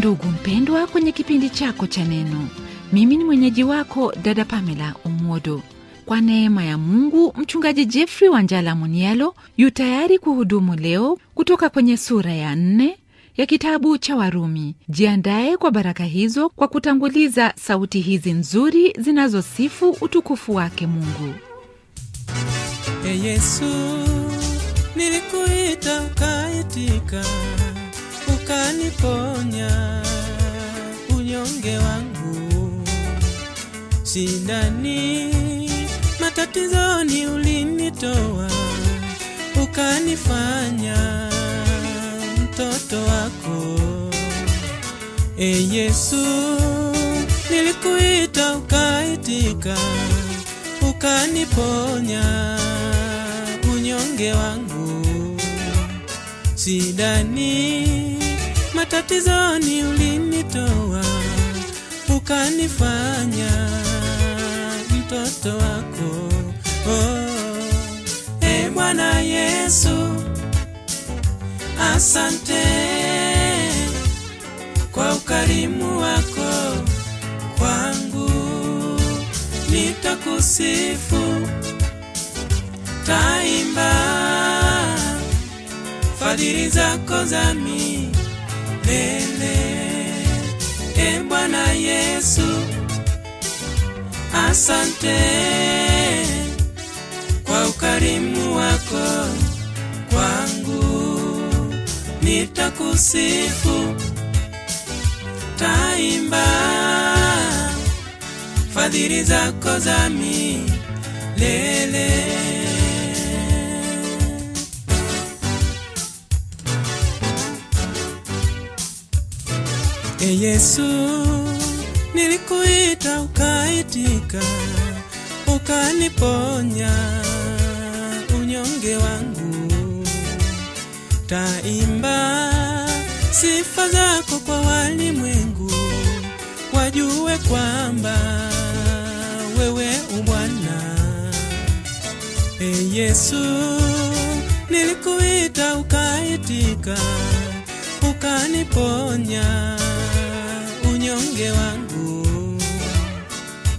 ndugu mpendwa, kwenye kipindi chako cha Neno. Mimi ni mwenyeji wako dada Pamela Umodo. Kwa neema ya Mungu, mchungaji Jeffrey njala Munialo yu tayari kuhudumu leo kutoka kwenye sura ya nne ya kitabu cha Warumi. Jiandaye kwa baraka hizo kwa kutanguliza sauti hizi nzuri zinazosifu utukufu wake Mungu. Hey Yesu, nilikuita ukaitika Utaniponya unyonge wangu, sidani matatizoni ulinitoa, ukanifanya mtoto wako. E Yesu, nilikuita ukaitika, ukaniponya unyonge wangu, sidani matatizoni ulinitoa, ukanifanya mtoto wako. Oh, e Bwana Yesu, asante kwa ukarimu wako kwangu, nitakusifu taimba fadhili zako za mimi milele. E Bwana Yesu, asante kwa ukarimu wako kwangu, nitakusifu taimba fadhiri zako za milele. E Yesu, nilikuita ukaitika, ukaniponya unyonge wangu. Taimba sifa zako kwa walimwengu, wajue kwamba wewe ubwana. E Yesu, nilikuita ukaitika, ukaniponya unyonge wangu,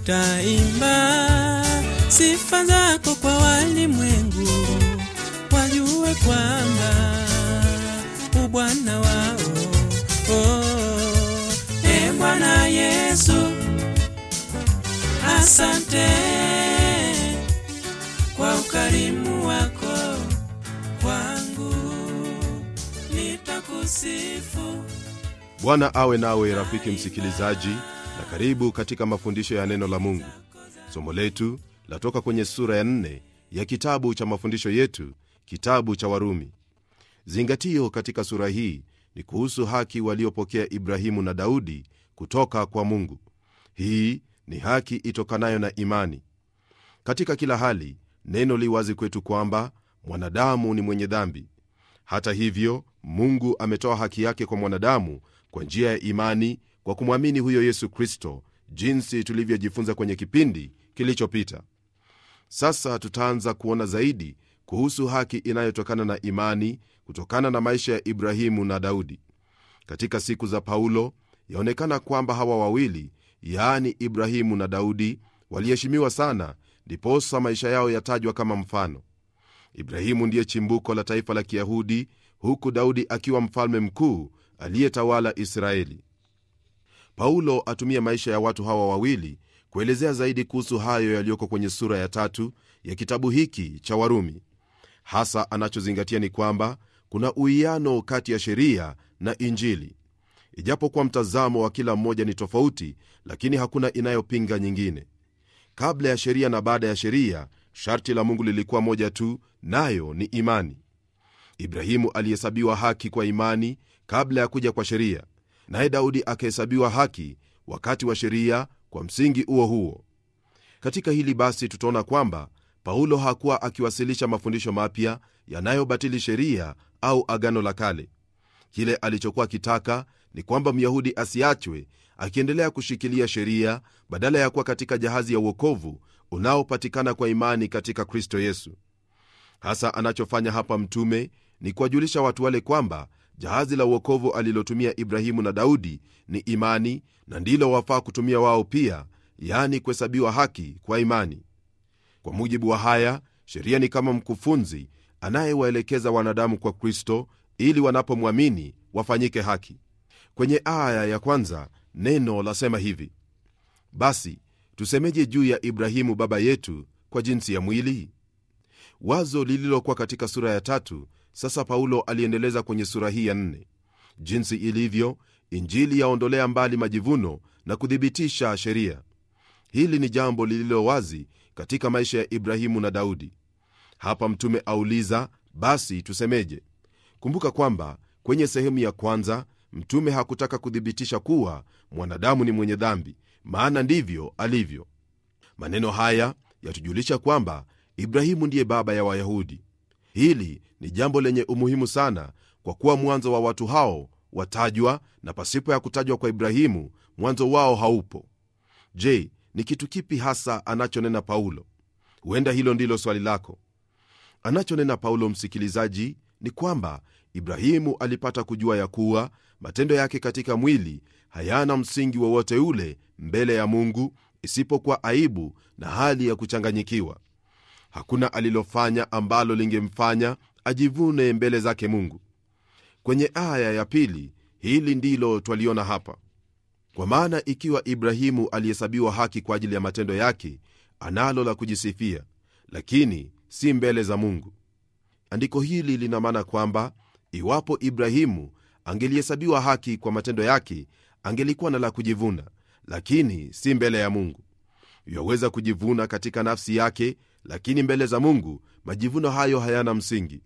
taimba sifa zako kwa walimwengu, wajue kwamba ubwana wao oh. E Bwana Yesu, asante kwa ukarimu wako kwangu, nitakusifu bwana awe nawe rafiki msikilizaji na karibu katika mafundisho ya neno la mungu somo letu latoka kwenye sura ya nne ya kitabu cha mafundisho yetu kitabu cha warumi zingatio katika sura hii ni kuhusu haki waliopokea ibrahimu na daudi kutoka kwa mungu hii ni haki itokanayo na imani katika kila hali neno liwazi kwetu kwamba mwanadamu ni mwenye dhambi hata hivyo mungu ametoa haki yake kwa mwanadamu kwa njia ya imani kwa kumwamini huyo Yesu Kristo, jinsi tulivyojifunza kwenye kipindi kilichopita. Sasa tutaanza kuona zaidi kuhusu haki inayotokana na imani kutokana na maisha ya Ibrahimu na Daudi. Katika siku za Paulo, yaonekana kwamba hawa wawili, yaani Ibrahimu na Daudi, waliheshimiwa sana, ndiposa maisha yao yatajwa kama mfano. Ibrahimu ndiye chimbuko la taifa la Kiyahudi, huku Daudi akiwa mfalme mkuu aliyetawala Israeli. Paulo atumia maisha ya watu hawa wawili kuelezea zaidi kuhusu hayo yaliyoko kwenye sura ya tatu ya kitabu hiki cha Warumi. Hasa anachozingatia ni kwamba kuna uwiano kati ya sheria na Injili. Ijapokuwa mtazamo wa kila mmoja ni tofauti, lakini hakuna inayopinga nyingine. Kabla ya sheria na baada ya sheria, sharti la Mungu lilikuwa moja tu, nayo ni imani. Ibrahimu alihesabiwa haki kwa imani, kabla ya kuja kwa sheria, naye Daudi akahesabiwa haki wakati wa sheria kwa msingi huo huo. Katika hili basi, tutaona kwamba Paulo hakuwa akiwasilisha mafundisho mapya yanayobatili sheria au agano la kale. Kile alichokuwa akitaka ni kwamba Myahudi asiachwe akiendelea kushikilia sheria badala ya kuwa katika jahazi ya uokovu unaopatikana kwa imani katika Kristo Yesu. Hasa anachofanya hapa mtume ni kuwajulisha watu wale kwamba Jahazi la uokovu alilotumia Ibrahimu na Daudi ni imani, na ndilo wafaa kutumia wao pia, yani kuhesabiwa haki kwa imani. Kwa mujibu wa haya, sheria ni kama mkufunzi anayewaelekeza wanadamu kwa Kristo ili wanapomwamini wafanyike haki. Kwenye aya ya kwanza neno lasema hivi: basi tusemeje juu ya Ibrahimu baba yetu kwa jinsi ya mwili? Wazo lililokuwa katika sura ya tatu sasa Paulo aliendeleza kwenye sura hii ya nne jinsi ilivyo Injili yaondolea mbali majivuno na kuthibitisha sheria. Hili ni jambo lililo wazi katika maisha ya Ibrahimu na Daudi. Hapa mtume auliza, basi tusemeje? Kumbuka kwamba kwenye sehemu ya kwanza mtume hakutaka kuthibitisha kuwa mwanadamu ni mwenye dhambi, maana ndivyo alivyo. Maneno haya yatujulisha kwamba Ibrahimu ndiye baba ya Wayahudi. Hili ni jambo lenye umuhimu sana, kwa kuwa mwanzo wa watu hao watajwa, na pasipo ya kutajwa kwa Ibrahimu mwanzo wao haupo. Je, ni kitu kipi hasa anachonena Paulo? Huenda hilo ndilo swali lako. Anachonena Paulo, msikilizaji, ni kwamba Ibrahimu alipata kujua ya kuwa matendo yake katika mwili hayana msingi wowote ule mbele ya Mungu, isipokuwa aibu na hali ya kuchanganyikiwa hakuna alilofanya ambalo lingemfanya ajivune mbele zake mungu kwenye aya ya pili hili ndilo twaliona hapa kwa maana ikiwa ibrahimu alihesabiwa haki kwa ajili ya matendo yake analo la kujisifia lakini si mbele za mungu andiko hili lina maana kwamba iwapo ibrahimu angelihesabiwa haki kwa matendo yake angelikuwa na la kujivuna lakini si mbele ya mungu yaweza kujivuna katika nafsi yake lakini mbele za mungu majivuno hayo hayana msingi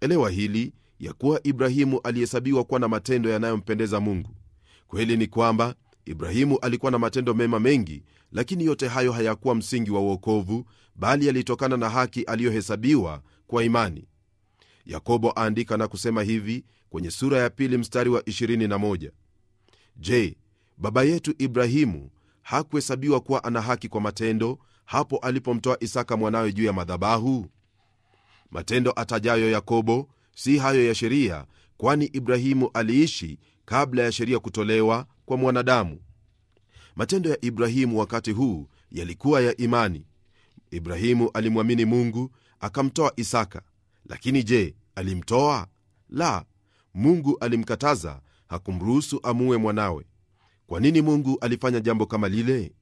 elewa hili ya kuwa ibrahimu alihesabiwa kuwa na matendo yanayompendeza mungu kweli ni kwamba ibrahimu alikuwa na matendo mema mengi lakini yote hayo hayakuwa msingi wa uokovu bali yalitokana na haki aliyohesabiwa kwa imani yakobo aandika na kusema hivi kwenye sura ya pili mstari wa 21 je baba yetu ibrahimu hakuhesabiwa kuwa ana haki kwa matendo hapo alipomtoa Isaka mwanawe juu ya madhabahu? Matendo atajayo Yakobo si hayo ya sheria, kwani Ibrahimu aliishi kabla ya sheria kutolewa kwa mwanadamu. Matendo ya Ibrahimu wakati huu yalikuwa ya imani. Ibrahimu alimwamini Mungu akamtoa Isaka. Lakini je, alimtoa? La, Mungu alimkataza, hakumruhusu amue mwanawe. Kwa nini Mungu alifanya jambo kama lile?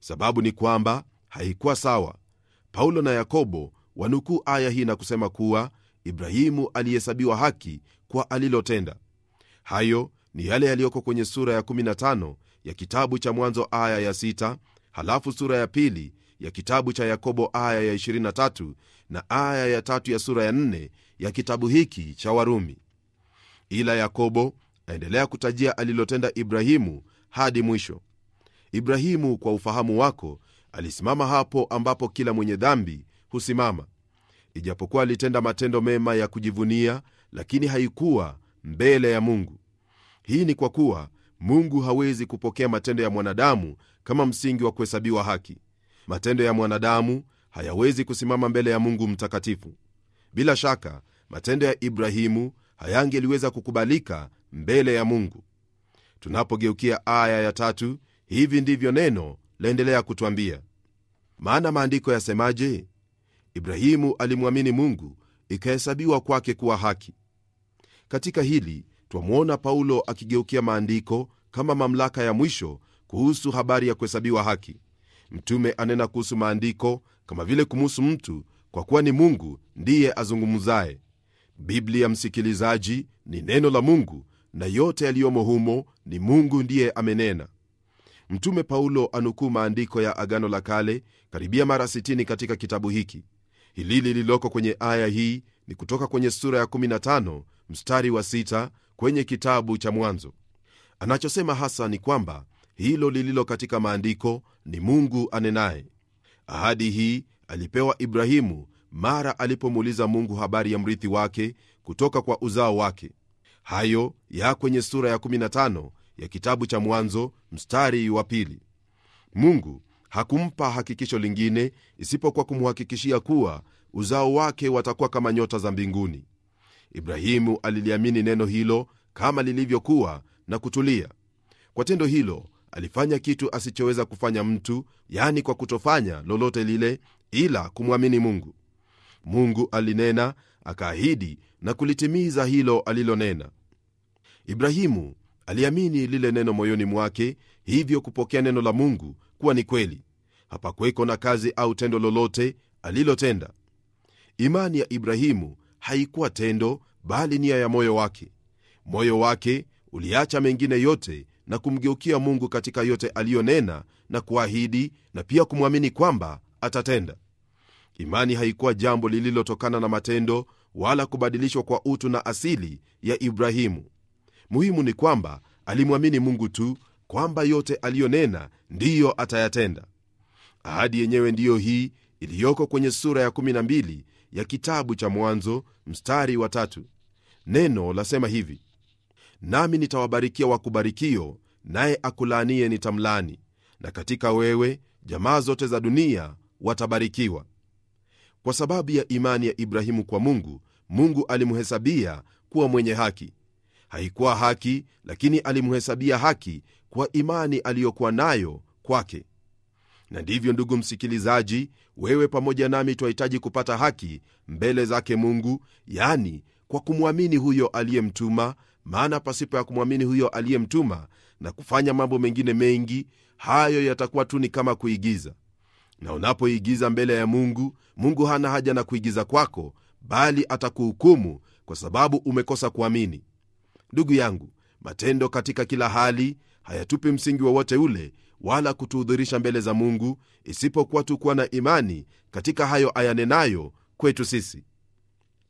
Sababu ni kwamba haikuwa sawa paulo na yakobo wanukuu aya hii na kusema kuwa ibrahimu alihesabiwa haki kwa alilotenda hayo ni yale yaliyoko kwenye sura ya 15 ya kitabu cha mwanzo aya ya 6 halafu sura ya pili ya kitabu cha yakobo aya ya 23 na aya ya tatu ya sura ya 4 ya kitabu hiki cha warumi ila yakobo aendelea kutajia alilotenda ibrahimu hadi mwisho ibrahimu kwa ufahamu wako alisimama hapo ambapo kila mwenye dhambi husimama. Ijapokuwa alitenda matendo mema ya kujivunia, lakini haikuwa mbele ya Mungu. Hii ni kwa kuwa Mungu hawezi kupokea matendo ya mwanadamu kama msingi wa kuhesabiwa haki. Matendo ya mwanadamu hayawezi kusimama mbele ya Mungu mtakatifu. Bila shaka matendo ya Ibrahimu hayangeliweza kukubalika mbele ya Mungu. Tunapogeukia aya ya tatu, hivi ndivyo neno laendelea kutwambia, maana maandiko yasemaje? Ibrahimu alimwamini Mungu, ikahesabiwa kwake kuwa haki. Katika hili twamwona Paulo akigeukia maandiko kama mamlaka ya mwisho kuhusu habari ya kuhesabiwa haki. Mtume anena kuhusu maandiko kama vile kumuhusu mtu, kwa kuwa ni Mungu ndiye azungumzaye. Biblia, msikilizaji, ni neno la Mungu na yote yaliyomo humo ni Mungu ndiye amenena. Mtume Paulo anukuu maandiko ya Agano la Kale karibia mara 60 katika kitabu hiki. Hili lililoko kwenye aya hii ni kutoka kwenye sura ya 15 mstari wa 6 kwenye kitabu cha Mwanzo. Anachosema hasa ni kwamba hilo lililo katika maandiko ni Mungu anenaye. Ahadi hii alipewa Ibrahimu mara alipomuuliza Mungu habari ya mrithi wake kutoka kwa uzao wake. Hayo ya kwenye sura ya 15 ya kitabu cha Mwanzo mstari wa pili. Mungu hakumpa hakikisho lingine isipokuwa kumhakikishia kuwa uzao wake watakuwa kama nyota za mbinguni. Ibrahimu aliliamini neno hilo kama lilivyokuwa na kutulia. Kwa tendo hilo alifanya kitu asichoweza kufanya mtu, yaani kwa kutofanya lolote lile ila kumwamini Mungu. Mungu alinena, akaahidi na kulitimiza hilo alilonena. Ibrahimu Aliamini lile neno moyoni mwake, hivyo kupokea neno la Mungu kuwa ni kweli. Hapakuweko na kazi au tendo lolote alilotenda. Imani ya Ibrahimu haikuwa tendo, bali nia ya moyo wake. Moyo wake uliacha mengine yote na kumgeukia Mungu katika yote aliyonena na kuahidi, na pia kumwamini kwamba atatenda. Imani haikuwa jambo lililotokana na matendo wala kubadilishwa kwa utu na asili ya Ibrahimu. Muhimu ni kwamba alimwamini Mungu tu kwamba yote aliyonena ndiyo atayatenda. Ahadi yenyewe ndiyo hii iliyoko kwenye sura ya 12 ya kitabu cha Mwanzo mstari wa tatu. Neno lasema hivi, nami nitawabarikia wakubarikio, naye akulaanie nitamlaani, na katika wewe jamaa zote za dunia watabarikiwa. Kwa sababu ya imani ya Ibrahimu kwa Mungu, Mungu alimhesabia kuwa mwenye haki haikuwa haki, lakini alimhesabia haki kwa imani aliyokuwa nayo kwake. Na ndivyo ndugu msikilizaji, wewe pamoja nami twahitaji kupata haki mbele zake Mungu, yaani kwa kumwamini huyo aliyemtuma. Maana pasipo ya kumwamini huyo aliyemtuma na kufanya mambo mengine mengi, hayo yatakuwa tu ni kama kuigiza. Na unapoigiza mbele ya Mungu, Mungu hana haja na kuigiza kwako, bali atakuhukumu kwa sababu umekosa kuamini ndugu yangu matendo katika kila hali hayatupi msingi wowote wa ule wala kutuhudhurisha mbele za mungu isipokuwa tu kuwa na imani katika hayo ayanenayo kwetu sisi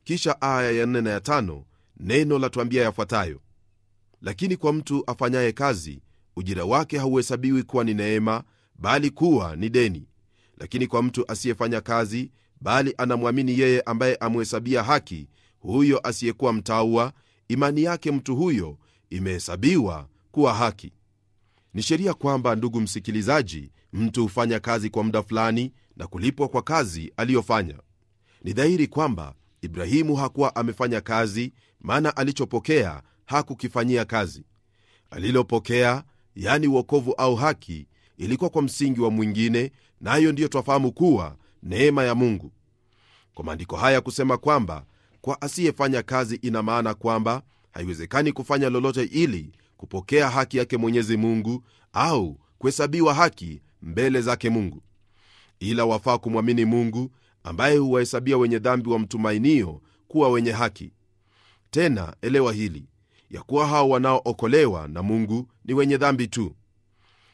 kisha aya ya nne na ya tano neno la tuambia yafuatayo lakini kwa mtu afanyaye kazi ujira wake hauhesabiwi kuwa ni neema bali kuwa ni deni lakini kwa mtu asiyefanya kazi bali anamwamini yeye ambaye amhesabia haki huyo asiyekuwa mtaua imani yake mtu huyo imehesabiwa kuwa haki. Ni sheria kwamba, ndugu msikilizaji, mtu hufanya kazi kwa muda fulani na kulipwa kwa kazi aliyofanya. Ni dhahiri kwamba Ibrahimu hakuwa amefanya kazi, maana alichopokea hakukifanyia kazi. Alilopokea yani uokovu au haki, ilikuwa kwa msingi wa mwingine, nayo ndiyo twafahamu kuwa neema ya Mungu. Kwa maandiko haya kusema kwamba kwa asiyefanya kazi ina maana kwamba haiwezekani kufanya lolote ili kupokea haki yake mwenyezi mungu au kuhesabiwa haki mbele zake mungu ila wafaa kumwamini mungu ambaye huwahesabia wenye dhambi wa mtumainio kuwa wenye haki tena elewa hili ya kuwa hao wanaookolewa na mungu ni wenye dhambi tu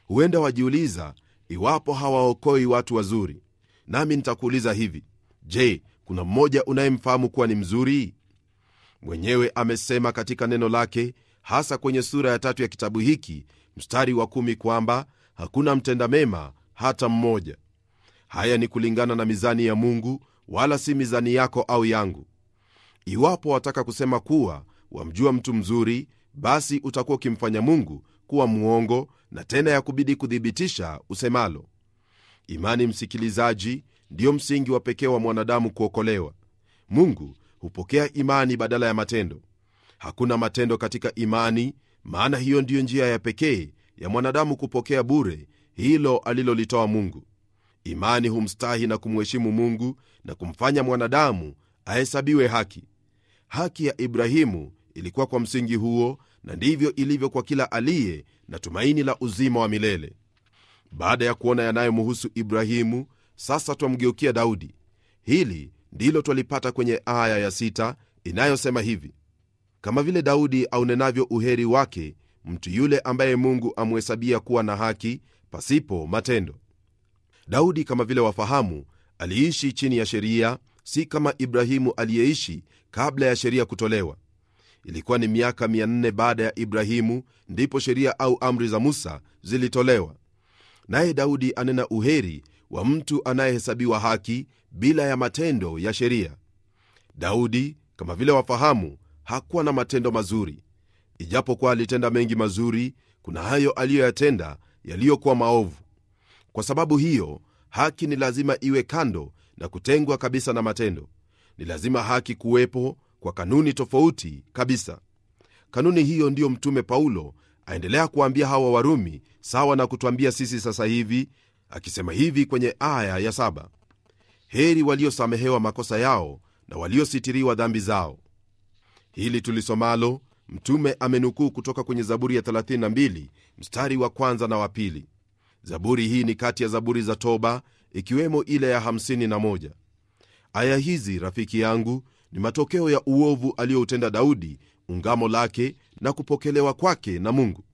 huenda wajiuliza iwapo hawaokoi watu wazuri nami nitakuuliza hivi je kuna mmoja unayemfahamu kuwa ni mzuri? Mwenyewe amesema katika neno lake, hasa kwenye sura ya tatu ya kitabu hiki mstari wa kumi kwamba hakuna mtenda mema hata mmoja. Haya ni kulingana na mizani ya Mungu, wala si mizani yako au yangu. Iwapo wataka kusema kuwa wamjua mtu mzuri, basi utakuwa ukimfanya Mungu kuwa mwongo, na tena ya kubidi kuthibitisha usemalo. Imani, msikilizaji, ndiyo msingi wa pekee wa mwanadamu kuokolewa. Mungu hupokea imani badala ya matendo. Hakuna matendo katika imani, maana hiyo ndiyo njia ya pekee ya mwanadamu kupokea bure hilo alilolitoa Mungu. Imani humstahi na kumheshimu Mungu na kumfanya mwanadamu ahesabiwe haki. Haki ya Ibrahimu ilikuwa kwa msingi huo, na ndivyo ilivyo kwa kila aliye na tumaini la uzima wa milele. Baada ya kuona yanayomhusu Ibrahimu, sasa twamgeukia Daudi. Hili ndilo twalipata kwenye aya ya sita inayosema hivi: kama vile Daudi aunenavyo uheri wake mtu yule ambaye Mungu amhesabia kuwa na haki pasipo matendo. Daudi kama vile wafahamu, aliishi chini ya sheria, si kama Ibrahimu aliyeishi kabla ya sheria kutolewa. Ilikuwa ni miaka 4 baada ya Ibrahimu ndipo sheria au amri za Musa zilitolewa. Naye Daudi anena uheri wa mtu anayehesabiwa haki bila ya matendo ya sheria. Daudi, kama vile wafahamu, hakuwa na matendo mazuri, ijapokuwa alitenda mengi mazuri, kuna hayo aliyoyatenda yaliyokuwa maovu. Kwa sababu hiyo, haki ni lazima iwe kando na kutengwa kabisa na matendo. Ni lazima haki kuwepo kwa kanuni tofauti kabisa. Kanuni hiyo ndiyo Mtume Paulo aendelea kuwaambia hawa Warumi, sawa na kutuambia sisi sasa hivi akisema hivi kwenye aya ya saba heri waliosamehewa makosa yao na waliositiriwa dhambi zao hili tulisomalo mtume amenukuu kutoka kwenye zaburi ya 32 mstari wa kwanza na wa pili zaburi hii ni kati ya zaburi za toba ikiwemo ile ya 51 aya hizi rafiki yangu ni matokeo ya uovu aliyoutenda daudi ungamo lake na kupokelewa kwake na mungu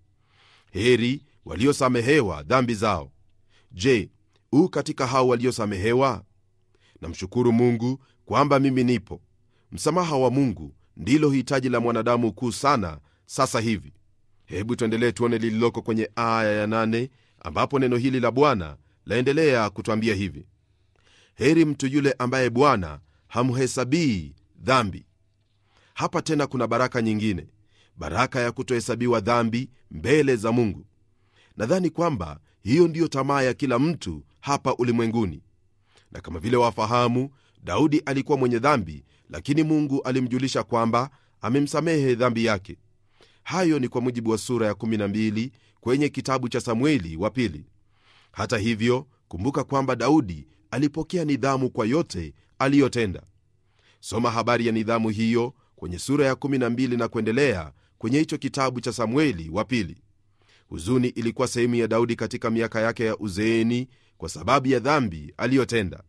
heri waliosamehewa dhambi zao je u katika hao waliosamehewa namshukuru mungu kwamba mimi nipo msamaha wa mungu ndilo hitaji la mwanadamu kuu sana sasa hivi hebu tuendelee tuone lililoko kwenye aya ya nane ambapo neno hili la bwana laendelea kutwambia hivi heri mtu yule ambaye bwana hamhesabii dhambi hapa tena kuna baraka nyingine baraka ya kutohesabiwa dhambi mbele za mungu nadhani kwamba hiyo ndiyo tamaa ya kila mtu hapa ulimwenguni. Na kama vile wafahamu, Daudi alikuwa mwenye dhambi, lakini Mungu alimjulisha kwamba amemsamehe dhambi yake. Hayo ni kwa mujibu wa sura ya 12 kwenye kitabu cha Samueli wa pili. Hata hivyo, kumbuka kwamba Daudi alipokea nidhamu kwa yote aliyotenda. Soma habari ya nidhamu hiyo kwenye sura ya 12 na kuendelea kwenye hicho kitabu cha Samueli wa pili. Huzuni ilikuwa sehemu ya Daudi katika miaka yake ya uzeeni kwa sababu ya dhambi aliyotenda,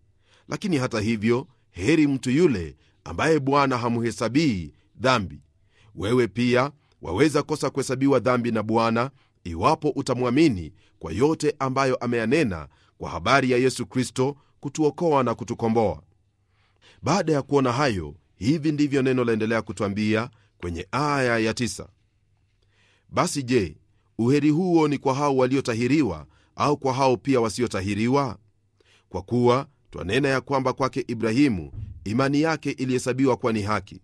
lakini hata hivyo, heri mtu yule ambaye Bwana hamhesabii dhambi. Wewe pia waweza kosa kuhesabiwa dhambi na Bwana iwapo utamwamini kwa yote ambayo ameyanena kwa habari ya Yesu Kristo kutuokoa na kutukomboa. Baada ya kuona hayo, hivi ndivyo neno laendelea kutwambia kwenye aya ya tisa: basi je, uheri huo ni kwa hao waliotahiriwa au kwa hao pia wasiotahiriwa? Kwa kuwa twanena ya kwamba kwake Ibrahimu imani yake ilihesabiwa kuwa ni haki.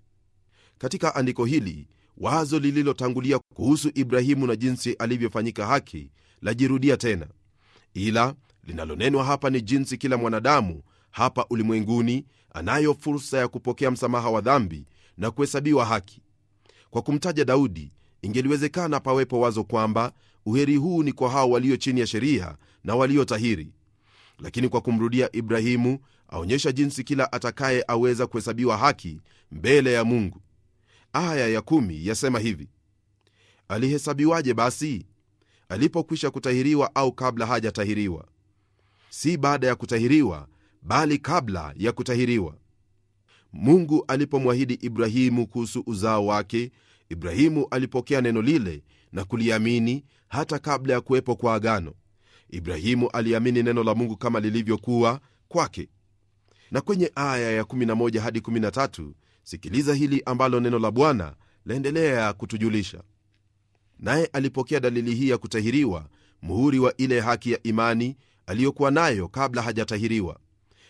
Katika andiko hili wazo lililotangulia kuhusu Ibrahimu na jinsi alivyofanyika haki lajirudia tena, ila linalonenwa hapa ni jinsi kila mwanadamu hapa ulimwenguni anayo fursa ya kupokea msamaha wa dhambi na kuhesabiwa haki. Kwa kumtaja Daudi, ingeliwezekana pawepo wazo kwamba uheri huu ni kwa hao walio chini ya sheria na walio tahiri, lakini kwa kumrudia Ibrahimu aonyesha jinsi kila atakaye aweza kuhesabiwa haki mbele ya Mungu. Aya ya kumi yasema hivi: alihesabiwaje basi? Alipokwisha kutahiriwa au kabla hajatahiriwa? Si baada ya kutahiriwa, bali kabla ya kutahiriwa. Mungu alipomwahidi Ibrahimu kuhusu uzao wake Ibrahimu alipokea neno lile na kuliamini hata kabla ya kuwepo kwa agano. Ibrahimu aliamini neno la Mungu kama lilivyokuwa kwake. Na kwenye aya ya 11 hadi 13, sikiliza hili ambalo neno la Bwana laendelea kutujulisha. Naye alipokea dalili hii ya kutahiriwa, muhuri wa ile haki ya imani aliyokuwa nayo kabla hajatahiriwa,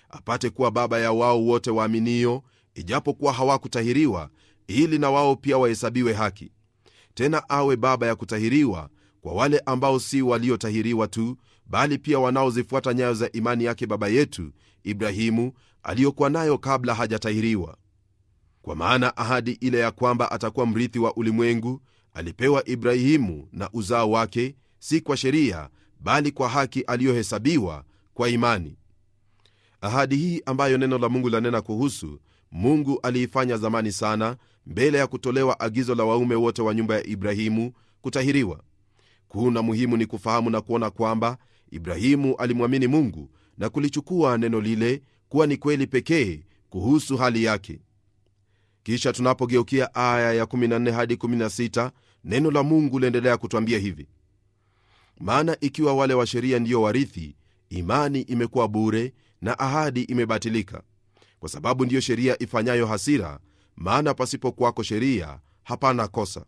apate kuwa baba ya wao wote waaminio, ijapokuwa hawakutahiriwa ili na wao pia wahesabiwe haki. Tena awe baba ya kutahiriwa kwa wale ambao si waliotahiriwa tu, bali pia wanaozifuata nyayo za imani yake baba yetu Ibrahimu aliyokuwa nayo kabla hajatahiriwa. Kwa maana ahadi ile ya kwamba atakuwa mrithi wa ulimwengu alipewa Ibrahimu na uzao wake, si kwa sheria, bali kwa haki aliyohesabiwa kwa imani. Ahadi hii ambayo neno la Mungu lanena kuhusu Mungu aliifanya zamani sana, mbele ya kutolewa agizo la waume wote wa nyumba ya Ibrahimu kutahiriwa. Kuna muhimu ni kufahamu na kuona kwamba Ibrahimu alimwamini Mungu na kulichukua neno lile kuwa ni kweli pekee kuhusu hali yake. Kisha tunapogeukia aya ya 14 hadi 16, neno la Mungu liendelea kutwambia hivi: maana ikiwa wale wa sheria ndiyo warithi, imani imekuwa bure na ahadi imebatilika, kwa sababu ndiyo sheria ifanyayo hasira maana pasipokuwako sheria hapana kosa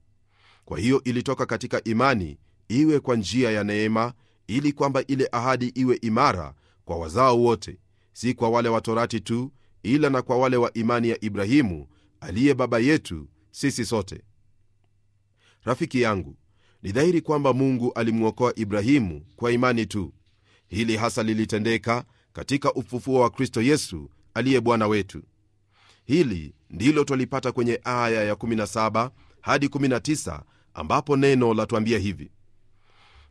kwa hiyo ilitoka katika imani iwe kwa njia ya neema ili kwamba ile ahadi iwe imara kwa wazao wote si kwa wale watorati tu ila na kwa wale wa imani ya ibrahimu aliye baba yetu sisi sote rafiki yangu ni dhahiri kwamba mungu alimwokoa ibrahimu kwa imani tu hili hasa lilitendeka katika ufufuo wa kristo yesu aliye Bwana wetu. Hili ndilo twalipata kwenye aya ya 17 hadi 19, ambapo neno latuambia hivi: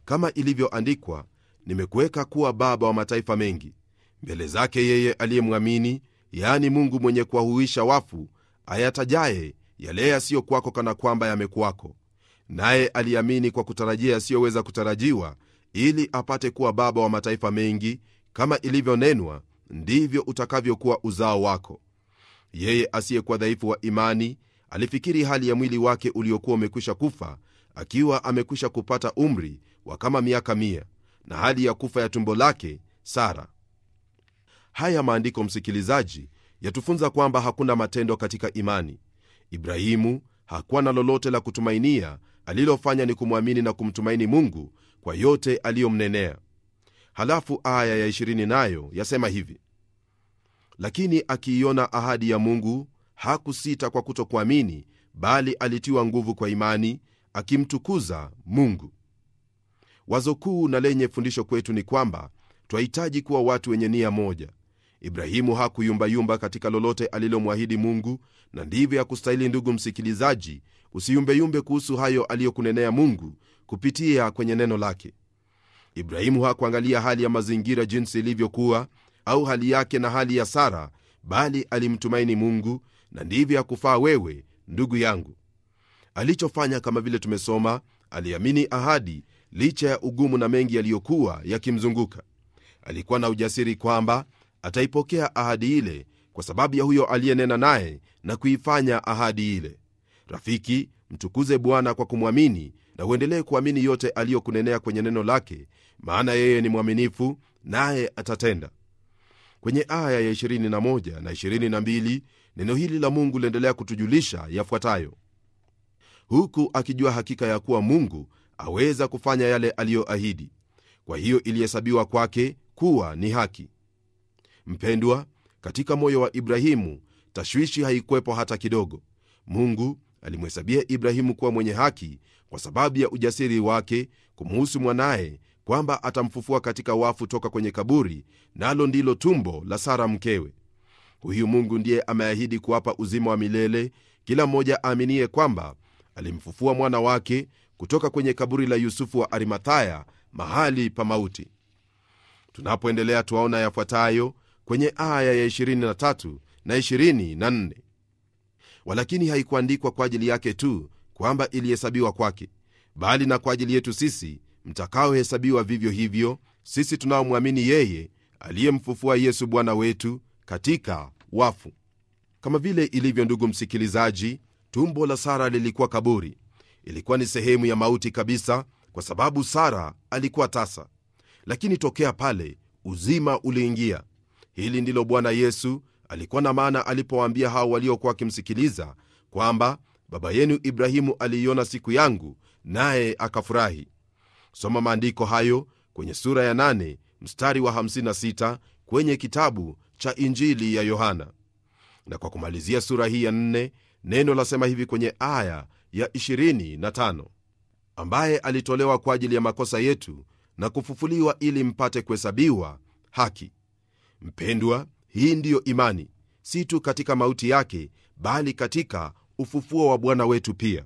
kama ilivyoandikwa, nimekuweka kuwa baba wa mataifa mengi mbele zake yeye aliyemwamini, yaani Mungu mwenye kuwahuisha wafu, ayatajaye yale yasiyokwako kana kwamba yamekuwako, naye aliamini kwa kutarajia yasiyoweza kutarajiwa, ili apate kuwa baba wa mataifa mengi, kama ilivyonenwa ndivyo utakavyokuwa uzao wako. Yeye asiyekuwa dhaifu wa imani alifikiri hali ya mwili wake uliokuwa umekwisha kufa, akiwa amekwisha kupata umri wa kama miaka mia, na hali ya kufa ya tumbo lake Sara. Haya maandiko, msikilizaji, yatufunza kwamba hakuna matendo katika imani. Ibrahimu hakuwa na lolote la kutumainia, alilofanya ni kumwamini na kumtumaini Mungu kwa yote aliyomnenea halafu aya ya 20 nayo yasema hivi lakini akiiona ahadi ya mungu hakusita kwa kutokuamini bali alitiwa nguvu kwa imani akimtukuza mungu wazo kuu na lenye fundisho kwetu ni kwamba twahitaji kuwa watu wenye nia moja ibrahimu hakuyumbayumba katika lolote alilomwahidi mungu na ndivyo yakustahili ndugu msikilizaji usiyumbeyumbe kuhusu hayo aliyokunenea mungu kupitia kwenye neno lake ibrahimu hakuangalia hali ya mazingira jinsi ilivyokuwa au hali yake na hali ya sara bali alimtumaini mungu na ndivyo hakufaa wewe ndugu yangu alichofanya kama vile tumesoma aliamini ahadi licha ya ugumu na mengi yaliyokuwa yakimzunguka alikuwa na ujasiri kwamba ataipokea ahadi ile kwa sababu ya huyo aliyenena naye na kuifanya ahadi ile rafiki mtukuze bwana kwa kumwamini na uendelee kuamini yote aliyokunenea kwenye neno lake maana yeye ni mwaminifu naye atatenda kwenye aya ya 21 na 22 neno hili la mungu liendelea kutujulisha yafuatayo huku akijua hakika ya kuwa mungu aweza kufanya yale aliyoahidi kwa hiyo ilihesabiwa kwake kuwa ni haki mpendwa katika moyo wa ibrahimu tashwishi haikwepo hata kidogo mungu alimhesabia ibrahimu kuwa mwenye haki kwa sababu ya ujasiri wake kumuhusu mwanaye kwamba atamfufua katika wafu toka kwenye kaburi, nalo ndilo tumbo la Sara mkewe. Huyu Mungu ndiye ameahidi kuwapa uzima wa milele kila mmoja aaminiye kwamba alimfufua mwana wake kutoka kwenye kaburi la Yusufu wa Arimathaya, mahali pa mauti. Tunapoendelea tuwaona yafuatayo kwenye aya ya 23 na 24: walakini haikuandikwa kwa ajili yake tu kwamba ilihesabiwa kwake, bali na kwa ajili yetu sisi mtakaohesabiwa vivyo hivyo sisi tunaomwamini yeye aliyemfufua Yesu Bwana wetu katika wafu. Kama vile ilivyo, ndugu msikilizaji, tumbo la Sara lilikuwa kaburi. Ilikuwa ni sehemu ya mauti kabisa, kwa sababu Sara alikuwa tasa, lakini tokea pale uzima uliingia. Hili ndilo Bwana Yesu alikuwa na maana alipowaambia hao waliokuwa wakimsikiliza kwamba baba yenu Ibrahimu aliiona siku yangu naye akafurahi kusoma maandiko hayo kwenye sura ya 8 mstari wa 56 kwenye kitabu cha Injili ya Yohana. Na kwa kumalizia sura hii ya 4, neno lasema hivi kwenye aya ya 25, ambaye alitolewa kwa ajili ya makosa yetu na kufufuliwa ili mpate kuhesabiwa haki. Mpendwa, hii ndiyo imani, si tu katika mauti yake, bali katika ufufuo wa Bwana wetu pia.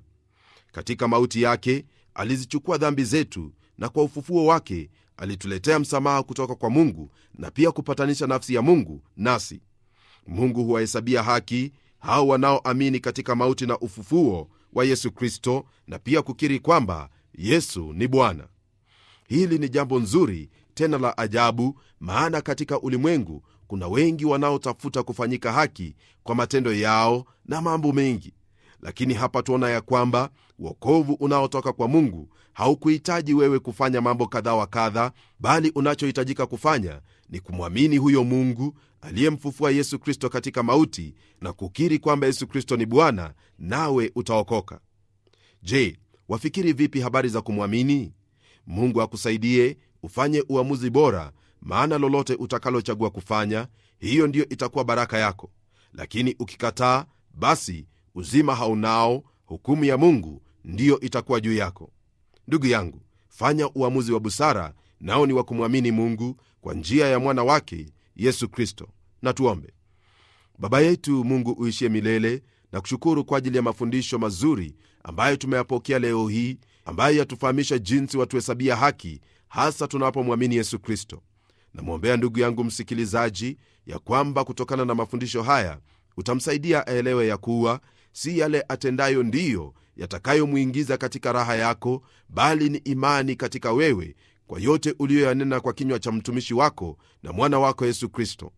Katika mauti yake alizichukua dhambi zetu, na kwa ufufuo wake alituletea msamaha kutoka kwa Mungu na pia kupatanisha nafsi ya Mungu nasi. Mungu huwahesabia haki hao wanaoamini katika mauti na ufufuo wa Yesu Kristo na pia kukiri kwamba Yesu ni Bwana. Hili ni jambo nzuri tena la ajabu, maana katika ulimwengu kuna wengi wanaotafuta kufanyika haki kwa matendo yao na mambo mengi lakini hapa tuona ya kwamba uokovu unaotoka kwa Mungu haukuhitaji wewe kufanya mambo kadha wa kadha, bali unachohitajika kufanya ni kumwamini huyo Mungu aliyemfufua Yesu Kristo katika mauti na kukiri kwamba Yesu Kristo ni Bwana, nawe utaokoka. Je, wafikiri vipi habari za kumwamini Mungu? Akusaidie ufanye uamuzi bora, maana lolote utakalochagua kufanya, hiyo ndiyo itakuwa baraka yako, lakini ukikataa, basi uzima haunao, hukumu ya Mungu ndiyo itakuwa juu yako. Ndugu yangu, fanya uamuzi wa busara, nao ni wa kumwamini Mungu kwa njia ya mwana wake Yesu Kristo. Na tuombe. Baba yetu Mungu uishie milele, na kushukuru kwa ajili ya mafundisho mazuri ambayo tumeyapokea leo hii, ambayo yatufahamisha jinsi watuhesabia haki, hasa tunapomwamini Yesu Kristo. Namwombea ndugu yangu msikilizaji, ya kwamba kutokana na mafundisho haya utamsaidia aelewe ya kuwa si yale atendayo ndiyo yatakayomwingiza katika raha yako, bali ni imani katika wewe, kwa yote uliyoyanena kwa kinywa cha mtumishi wako na mwana wako Yesu Kristo.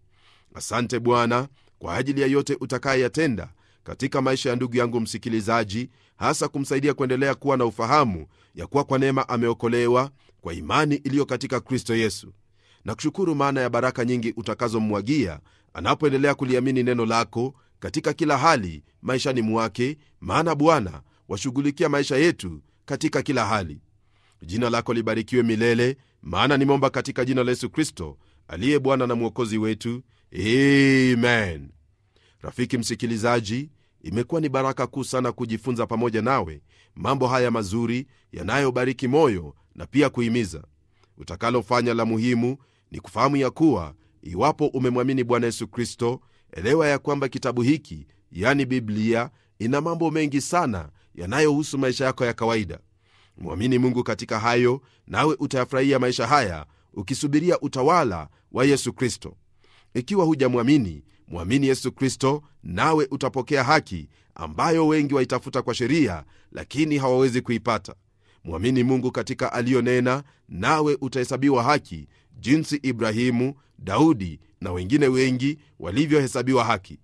Asante Bwana kwa ajili ya yote utakayeyatenda katika maisha ya ndugu yangu msikilizaji, hasa kumsaidia kuendelea kuwa na ufahamu ya kuwa kwa neema ameokolewa kwa imani iliyo katika Kristo Yesu, na kushukuru maana ya baraka nyingi utakazomwagia anapoendelea kuliamini neno lako katika kila hali maishani mwake, maana Bwana washughulikia maisha yetu katika kila hali. Jina lako libarikiwe milele, maana nimeomba katika jina la Yesu Kristo aliye Bwana na mwokozi wetu, amen. Rafiki msikilizaji, imekuwa ni baraka kuu sana kujifunza pamoja nawe mambo haya mazuri yanayobariki moyo na pia kuhimiza. Utakalofanya la muhimu ni kufahamu ya kuwa iwapo umemwamini Bwana Yesu Kristo elewa ya kwamba kitabu hiki yani biblia ina mambo mengi sana yanayohusu maisha yako ya kawaida mwamini mungu katika hayo nawe utayafurahia maisha haya ukisubiria utawala wa yesu kristo ikiwa hujamwamini mwamini yesu kristo nawe utapokea haki ambayo wengi waitafuta kwa sheria lakini hawawezi kuipata mwamini mungu katika aliyonena nawe utahesabiwa haki jinsi ibrahimu daudi na wengine wengi walivyohesabiwa haki.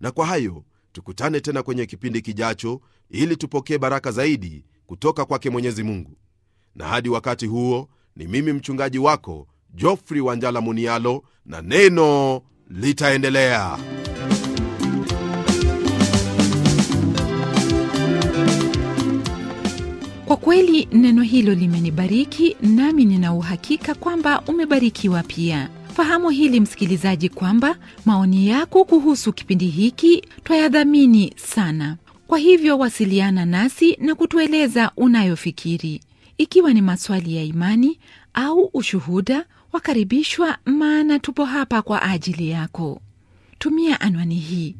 Na kwa hayo tukutane tena kwenye kipindi kijacho, ili tupokee baraka zaidi kutoka kwake Mwenyezi Mungu. Na hadi wakati huo, ni mimi mchungaji wako Jofri Wanjala Munialo, na neno litaendelea. Kwa kweli neno hilo limenibariki, nami nina uhakika kwamba umebarikiwa pia. Fahamu hili msikilizaji, kwamba maoni yako kuhusu kipindi hiki twayadhamini sana. Kwa hivyo wasiliana nasi na kutueleza unayofikiri. Ikiwa ni maswali ya imani au ushuhuda, wakaribishwa, maana tupo hapa kwa ajili yako. Tumia anwani hii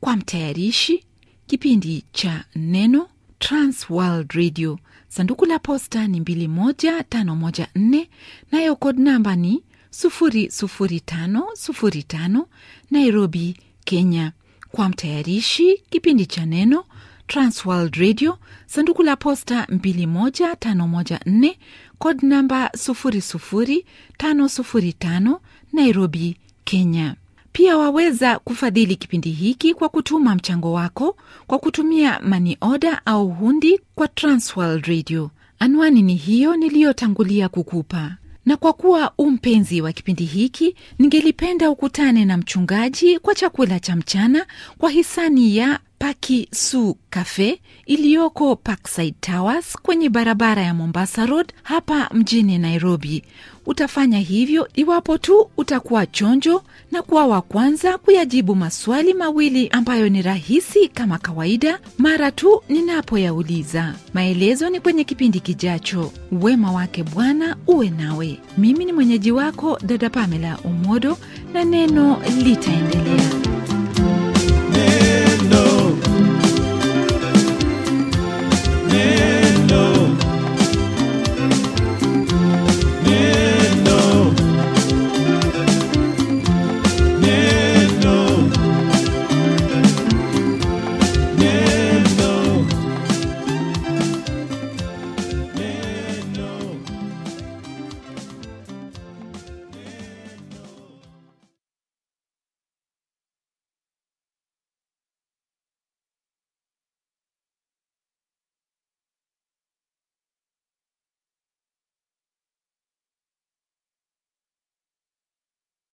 kwa mtayarishi kipindi cha Neno, Trans Radio, sanduku la posta ni 21514 nayo kod namba ni 00505 Nairobi, Kenya. Kwa mtayarishi kipindi cha Neno, Transworld Radio, sanduku la posta 21514 cod namba 55 Nairobi, Kenya. Pia waweza kufadhili kipindi hiki kwa kutuma mchango wako kwa kutumia mani oda au hundi kwa Transworld Radio. Anwani ni hiyo niliyotangulia kukupa na kwa kuwa u mpenzi wa kipindi hiki, ningelipenda ukutane na mchungaji kwa chakula cha mchana kwa hisani ya Paki Su Cafe iliyoko Parkside Towers kwenye barabara ya Mombasa Road hapa mjini Nairobi. Utafanya hivyo iwapo tu utakuwa chonjo na kuwa wa kwanza kuyajibu maswali mawili ambayo ni rahisi kama kawaida mara tu ninapoyauliza. Maelezo ni kwenye kipindi kijacho. Wema wake Bwana uwe nawe. Mimi ni mwenyeji wako dada Pamela Umodo, na neno litaendelea.